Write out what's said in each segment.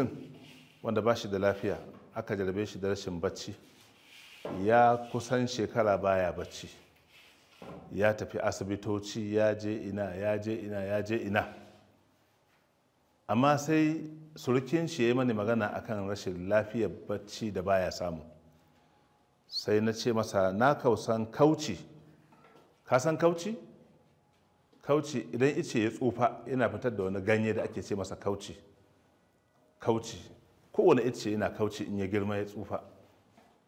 mutum wanda ba shi da lafiya aka jarabe shi da rashin bacci ya kusan shekara baya bacci ya tafi asibitoci ya je ina ya je ina ya je ina amma sai surukin shi ya yi mani magana akan rashin lafiyar bacci da baya samu sai na ce masa na kausan kauci kasan kauci kauci idan ice ya tsufa yana fitar da wani ganye da ake ce masa kauci kauci kowane ice yana kauci in ya girma ya tsufa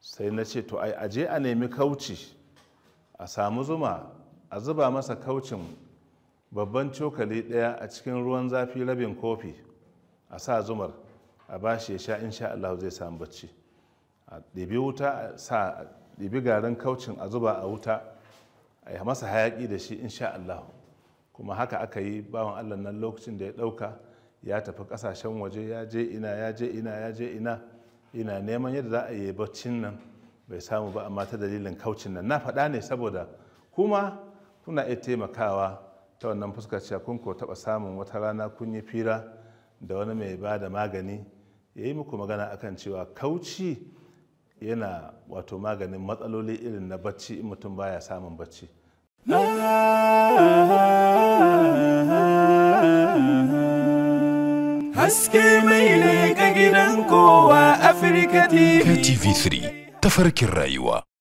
sai na ce to ai aje a nemi kauci a samu zuma a zuba masa kaucin babban cokali ɗaya a cikin ruwan zafi rabin kofi a sa zumar a bashi ya sha sha Allah zai samu bacci a ɗibi wuta a sa ɗibi garin kaucin a zuba a wuta a yi masa hayaƙi da shi sha Allah kuma haka aka yi bawan Allah nan lokacin da ya ɗauka ya tafi kasashen waje ya je ina ya je ina ya je ina ina neman yadda za a yi baccin nan bai samu ba amma ta dalilin kaucin nan na faɗa ne saboda kuma kuna iya taimakawa ta wannan fuskar cewa kun ko taɓa samun wata rana kun yi fira da wani mai ba da magani ya yi muku magana akan cewa kauci yana wato maganin matsaloli irin na bacci in mutum baya samun bacci. haske mai ne ga gidan kowa Afirka TV. ktv 3 tafarkin rayuwa.